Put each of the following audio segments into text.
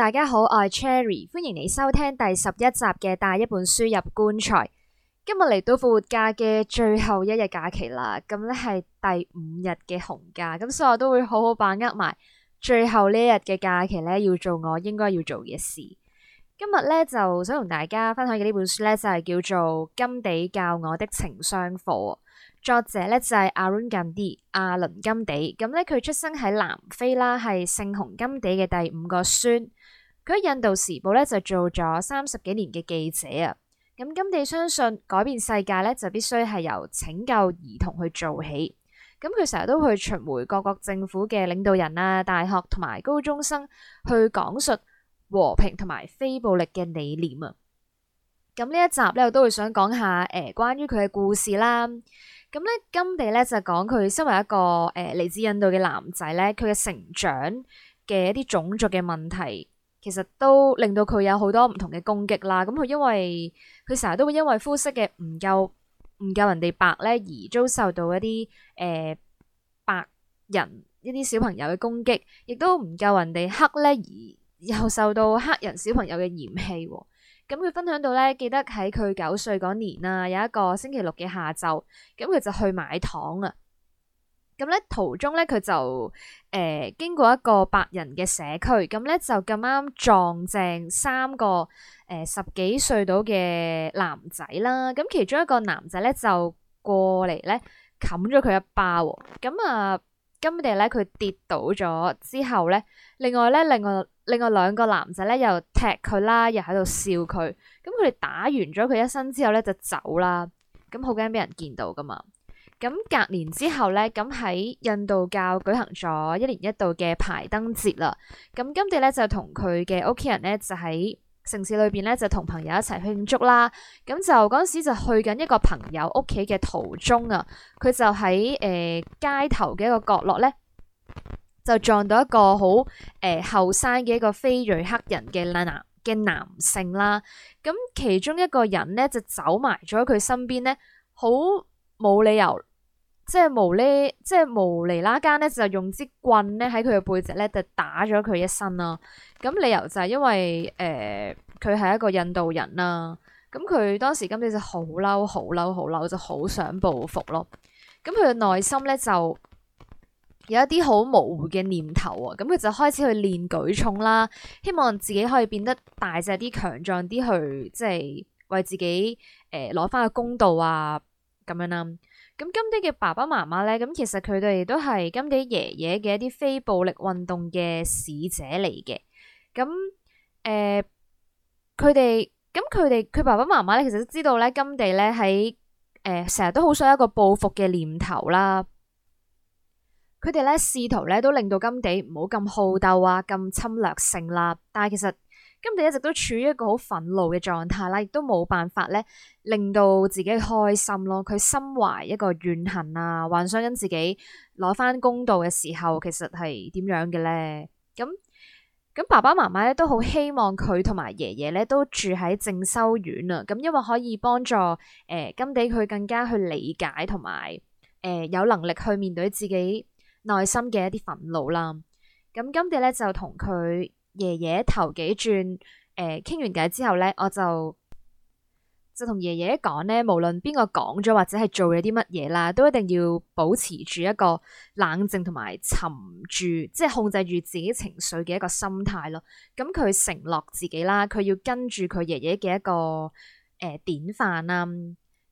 大家好，我係 Cherry，歡迎你收聽第十一集嘅帶一本書入棺材。今日嚟到復活假嘅最後一日假期啦，咁咧係第五日嘅紅假，咁所以我都會好好把握埋最後呢一日嘅假期咧，要做我應該要做嘅事。今日咧就想同大家分享嘅呢本書咧就係、是、叫做《甘地教我的情商課》，作者咧就係、是、阿倫甘地，阿倫甘地，咁咧佢出生喺南非啦，係聖雄甘地嘅第五個孫。佢喺印度時報咧就做咗三十幾年嘅記者啊。咁甘地相信改變世界咧就必須係由拯救兒童去做起。咁佢成日都去巡回各國政府嘅領導人啊、大學同埋高中生去講述和平同埋非暴力嘅理念啊。咁呢一集咧，我都會想講下誒、呃、關於佢嘅故事啦。咁咧，甘地咧就講佢身為一個誒嚟、呃、自印度嘅男仔咧，佢嘅成長嘅一啲種族嘅問題。其實都令到佢有好多唔同嘅攻擊啦，咁佢因為佢成日都會因為膚色嘅唔夠唔夠人哋白咧而遭受到一啲誒、呃、白人一啲小朋友嘅攻擊，亦都唔夠人哋黑咧而又受到黑人小朋友嘅嫌棄啊。咁佢分享到咧，記得喺佢九歲嗰年啦，有一個星期六嘅下晝，咁佢就去買糖啊。咁咧、嗯、途中咧佢就誒、呃、經過一個白人嘅社區，咁、嗯、咧就咁啱撞正三個誒、呃、十幾歲到嘅男仔啦，咁、嗯、其中一個男仔咧就過嚟咧冚咗佢一包，咁、嗯、啊，咁哋咧佢跌倒咗之後咧，另外咧另外另外兩個男仔咧又踢佢啦，又喺度笑佢，咁佢哋打完咗佢一身之後咧就走啦，咁好驚俾人見到噶嘛。咁隔年之後咧，咁喺印度教舉行咗一年一度嘅排燈節啦。咁甘地咧就同佢嘅屋企人咧，就喺城市裏邊咧，就同朋友一齊慶祝啦。咁就嗰陣時就去緊一個朋友屋企嘅途中啊，佢就喺誒、呃、街頭嘅一個角落咧，就撞到一個好誒後生嘅一個非裔黑人嘅男嘅男性啦。咁其中一個人咧就走埋咗佢身邊咧，好冇理由。即係無咧，即係無厘啦間咧，就用支棍咧喺佢嘅背脊咧就打咗佢一身啦、啊。咁理由就係因為誒，佢、呃、係一個印度人啦、啊。咁佢當時咁樣就好嬲，好嬲，好嬲，就好想報復咯。咁佢嘅內心咧就有一啲好模糊嘅念頭啊。咁佢就開始去練舉重啦，希望自己可以變得大隻啲、強壯啲，去即係為自己誒攞翻個公道啊咁樣啦、啊。咁甘地嘅爸爸媽媽咧，咁其實佢哋都係甘地爺爺嘅一啲非暴力運動嘅使者嚟嘅。咁誒，佢哋咁佢哋佢爸爸媽媽咧，其實都知道咧，甘地咧喺誒，成日都好想一個報復嘅念頭啦。佢哋咧試圖咧都令到甘地唔好咁好鬥啊，咁侵略性啦。但係其實。甘地一直都處於一個好憤怒嘅狀態啦，亦都冇辦法咧令到自己開心咯。佢心懷一個怨恨啊，幻想緊自己攞返公道嘅時候，其實係點樣嘅咧？咁咁爸爸媽媽咧都好希望佢同埋爺爺咧都住喺正修院啊。咁因為可以幫助誒甘地佢更加去理解同埋誒有能力去面對自己內心嘅一啲憤怒啦。咁甘地咧就同佢。爺爺頭幾轉，誒、呃，傾完偈之後咧，我就就同爺爺講咧，無論邊個講咗或者係做咗啲乜嘢啦，都一定要保持住一個冷靜同埋沉住，即係控制住自己情緒嘅一個心態咯。咁佢承諾自己啦，佢要跟住佢爺爺嘅一個誒、呃、典範啦、啊。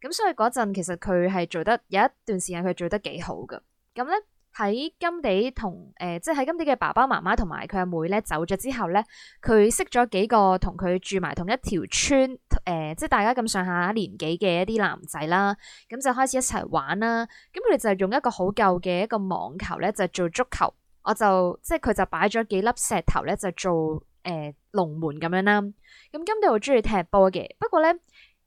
咁所以嗰陣其實佢係做得有一段時間，佢做得幾好噶。咁咧。喺甘地同誒、呃，即係喺甘地嘅爸爸媽媽同埋佢阿妹咧走咗之後咧，佢識咗幾個同佢住埋同一條村誒、呃，即係大家咁上下年紀嘅一啲男仔啦，咁就開始一齊玩啦。咁佢哋就用一個好舊嘅一個網球咧，就做足球。我就即係佢就擺咗幾粒石頭咧，就做誒、呃、龍門咁樣啦。咁甘地好鍾意踢波嘅，不過咧誒、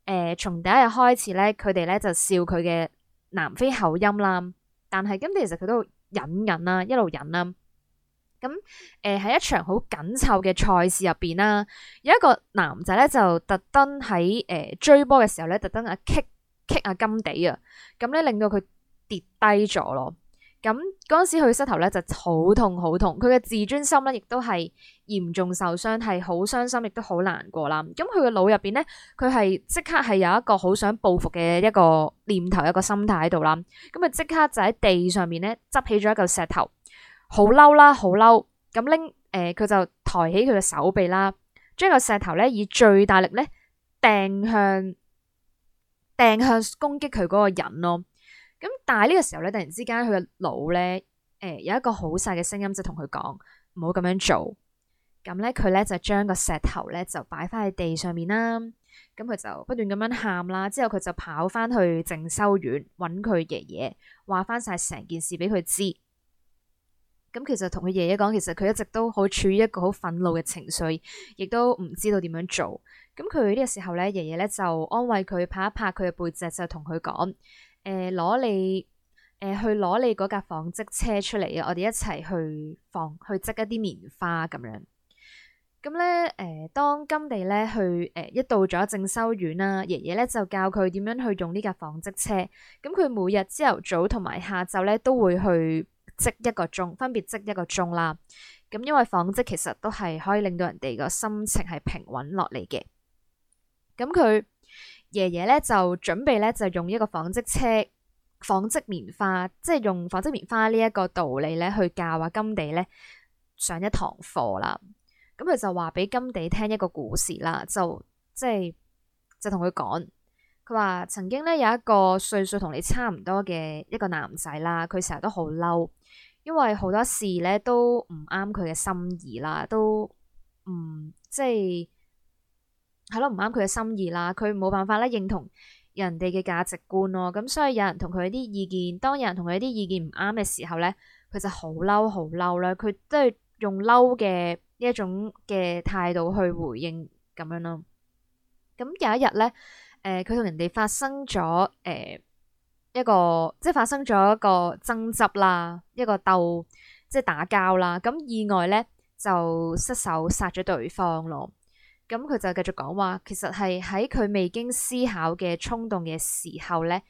呃，從第一日開始咧，佢哋咧就笑佢嘅南非口音啦。但係甘地其實佢都～忍忍、啊、啦，一路忍啦、啊。咁誒喺一場好緊湊嘅賽事入邊啦，有一個男仔咧就特登喺誒追波嘅時候咧，特登啊 kick kick 啊甘地啊，咁、嗯、咧令到佢跌低咗咯。咁嗰陣時佢膝頭咧就好痛好痛，佢嘅自尊心咧亦都係嚴重受傷，係好傷心，亦都好難過啦。咁佢嘅腦入邊咧，佢係即刻係有一個好想報復嘅一個念頭，一個心態喺度啦。咁佢即刻就喺地上面咧執起咗一嚿石頭，好嬲啦，好嬲。咁拎誒，佢、呃、就抬起佢嘅手臂啦，將個石頭咧以最大力咧掟向掟向攻擊佢嗰個人咯。咁但係呢個時候咧，突然之間佢嘅腦咧，誒、欸、有一個好細嘅聲音就同佢講，唔好咁樣做。咁咧佢咧就將個石頭咧就擺翻喺地上面啦。咁佢就不斷咁樣喊啦，之後佢就跑翻去靜修院揾佢爺爺，話翻晒成件事俾佢知。咁其實同佢爺爺講，其實佢一直都好處於一個好憤怒嘅情緒，亦都唔知道點樣做。咁佢呢個時候咧，爺爺咧就安慰佢，拍一拍佢嘅背脊，就同佢講。誒，攞、呃、你誒、呃、去攞你嗰架紡織車出嚟啊！我哋一齊去紡，去織一啲棉花咁樣。咁咧，誒、呃，當甘地咧去，誒、呃，一到咗正修院啦，爺爺咧就教佢點樣去用呢架紡織車。咁佢每日朝頭早同埋下晝咧都會去織一個鐘，分別織一個鐘啦。咁因為紡織其實都係可以令到人哋個心情係平穩落嚟嘅。咁佢。爺爺咧就準備咧就用一個紡織車，紡織棉花，即係用紡織棉花呢一個道理咧去教啊甘地咧上一堂課啦。咁佢就話俾甘地聽一個故事啦，就即係就同佢講，佢話曾經咧有一個歲數同你差唔多嘅一個男仔啦，佢成日都好嬲，因為好多事咧都唔啱佢嘅心意啦，都唔、嗯、即係。係咯，唔啱佢嘅心意啦，佢冇辦法咧認同人哋嘅價值觀咯，咁所以有人同佢啲意見，當有人同佢啲意見唔啱嘅時候咧，佢就好嬲，好嬲啦，佢都係用嬲嘅呢一種嘅態度去回應咁樣咯。咁有一日咧，誒、呃，佢同人哋發生咗誒、呃、一個，即係發生咗一個爭執啦，一個鬥，即係打交啦，咁意外咧就失手殺咗對方咯。咁佢就繼續講話，其實係喺佢未經思考嘅衝動嘅時候咧，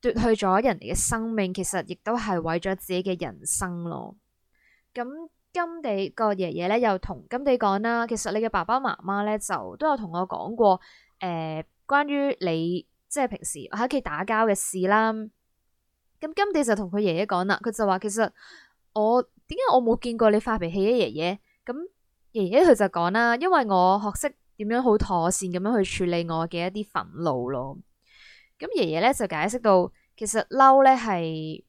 奪去咗人哋嘅生命，其實亦都係毀咗自己嘅人生咯。咁甘地個爺爺咧又同甘地講啦，其實你嘅爸爸媽媽咧就都有同我講過，誒、呃，關於你即係平時喺屋企打交嘅事啦。咁甘地就同佢爺爺講啦，佢就話其實我點解我冇見過你發脾氣嘅爺爺咁。爺爺佢就講啦，因為我學識點樣好妥善咁樣去處理我嘅一啲憤怒咯。咁爺爺咧就解釋到，其實嬲咧係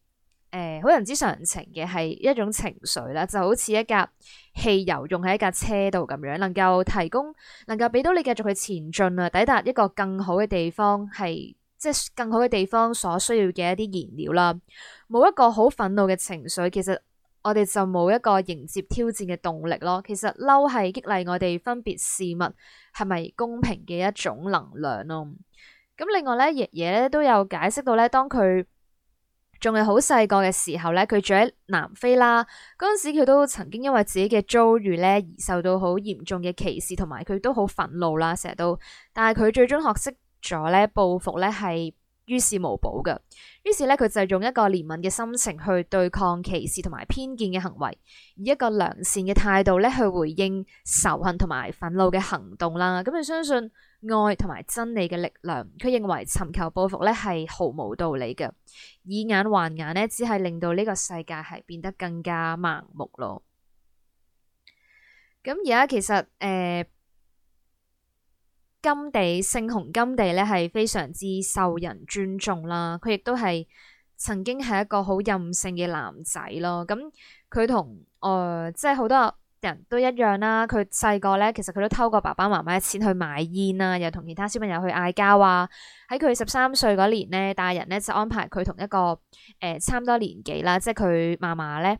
誒，好人之常情嘅，係一種情緒啦，就好似一架汽油用喺一架車度咁樣，能夠提供，能夠俾到你繼續去前進啊，抵達一個更好嘅地方，係即係更好嘅地方所需要嘅一啲燃料啦。冇一個好憤怒嘅情緒，其實。我哋就冇一個迎接挑戰嘅動力咯。其實嬲係激勵我哋分別事物係咪公平嘅一種能量咯。咁另外咧，爺爺都有解釋到咧，當佢仲係好細個嘅時候咧，佢住喺南非啦。嗰陣時佢都曾經因為自己嘅遭遇咧而受到好嚴重嘅歧視，同埋佢都好憤怒啦，成日都。但係佢最終學識咗咧報復咧係於事無補㗎，於是咧佢就用一個憐憫嘅心情去對抗歧視同埋偏見嘅行為，以一個良善嘅態度咧去回應仇恨同埋憤怒嘅行動啦。咁佢相信愛同埋真理嘅力量，佢認為尋求報復咧係毫無道理㗎，以眼還眼呢，只係令到呢個世界係變得更加盲目咯。咁而家其實誒。呃甘地聖雄，甘地咧係非常之受人尊重啦。佢亦都係曾經係一個好任性嘅男仔咯。咁佢同誒即係好多人都一樣啦。佢細個咧，其實佢都偷過爸爸媽媽嘅錢去買煙啊，又同其他小朋友去嗌交啊。喺佢十三歲嗰年咧，大人咧就安排佢同一個誒、呃、差唔多年紀啦，即係佢嫲嫲咧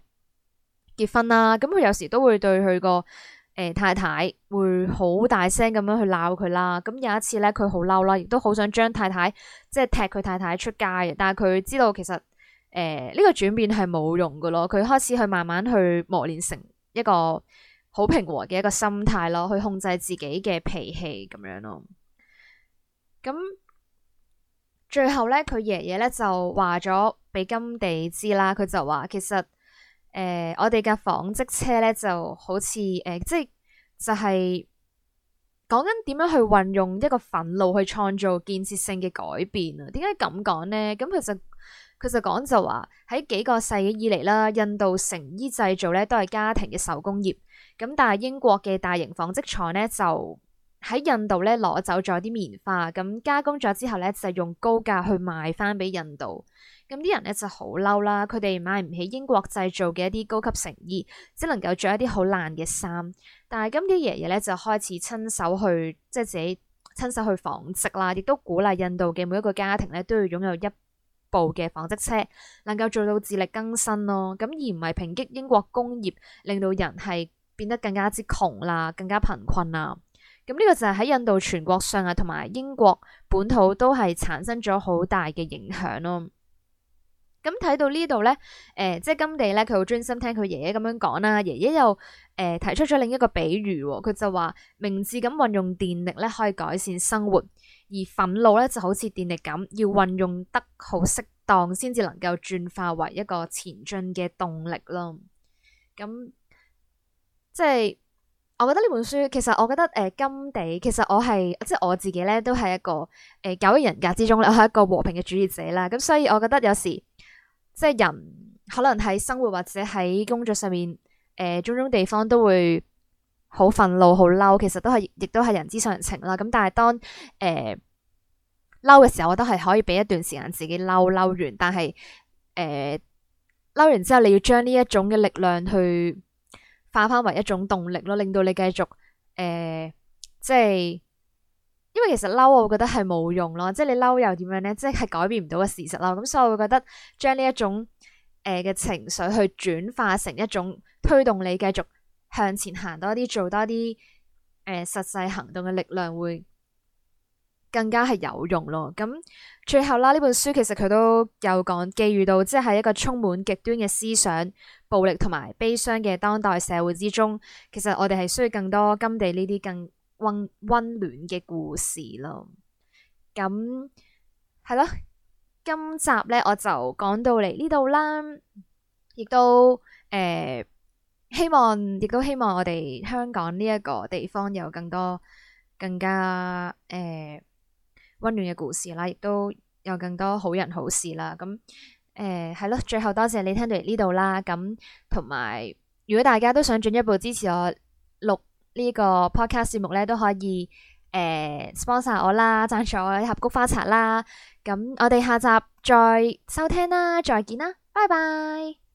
結婚啦。咁、嗯、佢有時都會對佢個。誒，太太會好大聲咁樣去鬧佢啦。咁有一次咧，佢好嬲啦，亦都好想將太太即係踢佢太太出街嘅。但係佢知道其實誒呢個轉變係冇用噶咯。佢開始去慢慢去磨練成一個好平和嘅一個心態咯，去控制自己嘅脾氣咁樣咯。咁最後咧，佢爺爺咧就話咗俾甘地知啦。佢就話其實。誒、呃，我哋嘅紡織車咧就好似誒、呃，即係就係講緊點樣去運用一個憤怒去創造建設性嘅改變啊？點解咁講咧？咁其實佢就講就話喺幾個世紀以嚟啦，印度成衣製造咧都係家庭嘅手工業，咁但係英國嘅大型紡織廠咧就。喺印度咧攞走咗啲棉花，咁加工咗之後咧就用高價去賣翻俾印度。咁啲人咧就好嬲啦，佢哋買唔起英國製造嘅一啲高級成衣，只能夠着一啲好爛嘅衫。但係甘地爺爺咧就開始親手去即係自己親手去紡織啦，亦都鼓勵印度嘅每一個家庭咧都要擁有一部嘅紡織車，能夠做到自力更生咯。咁而唔係抨擊英國工業，令到人係變得更加之窮啦，更加貧困啊。咁呢個就係喺印度全國上啊，同埋英國本土都係產生咗好大嘅影響咯。咁睇到呢度咧，誒，即係金地咧，佢好專心聽佢爺爺咁樣講啦。爺爺又誒提出咗另一個比喻，佢就話明智咁運用電力咧，可以改善生活；而憤怒咧，就好似電力咁，要運用得好適當，先至能夠轉化為一個前進嘅動力咯。咁即係。我覺得呢本書，其實我覺得誒，甘、呃、地其實我係即係我自己咧，都係一個誒，九、呃、型人格之中咧，我係一個和平嘅主義者啦。咁、嗯、所以我覺得有時即係人可能喺生活或者喺工作上面誒、呃，種種地方都會好憤怒、好嬲，其實都係亦都係人之常情啦。咁但係當誒嬲嘅時候，我都係可以俾一段時間自己嬲嬲完，但係誒嬲完之後，你要將呢一種嘅力量去。化翻為一種動力咯，令到你繼續誒、呃，即係因為其實嬲，我覺得係冇用咯，即係你嬲又點樣咧？即係改變唔到嘅事實咯。咁所以我會覺得將呢一種誒嘅、呃、情緒去轉化成一種推動你繼續向前行多啲，做多啲誒、呃、實際行動嘅力量會。更加係有用咯。咁最後啦，呢本書其實佢都有講寄予到，即係一個充滿極端嘅思想、暴力同埋悲傷嘅當代社會之中。其實我哋係需要更多甘地呢啲更溫溫暖嘅故事咯。咁係咯，今集咧我就講到嚟呢度啦。亦都誒、呃，希望亦都希望我哋香港呢一個地方有更多更加誒。呃溫暖嘅故事啦，亦都有更多好人好事啦。咁誒係咯，最後多謝你聽到嚟呢度啦。咁同埋，如果大家都想進一步支持我錄呢個 podcast 節目咧，都可以誒 sponsor、呃、我啦，贊助我一盒菊花茶啦。咁我哋下集再收聽啦，再見啦，拜拜。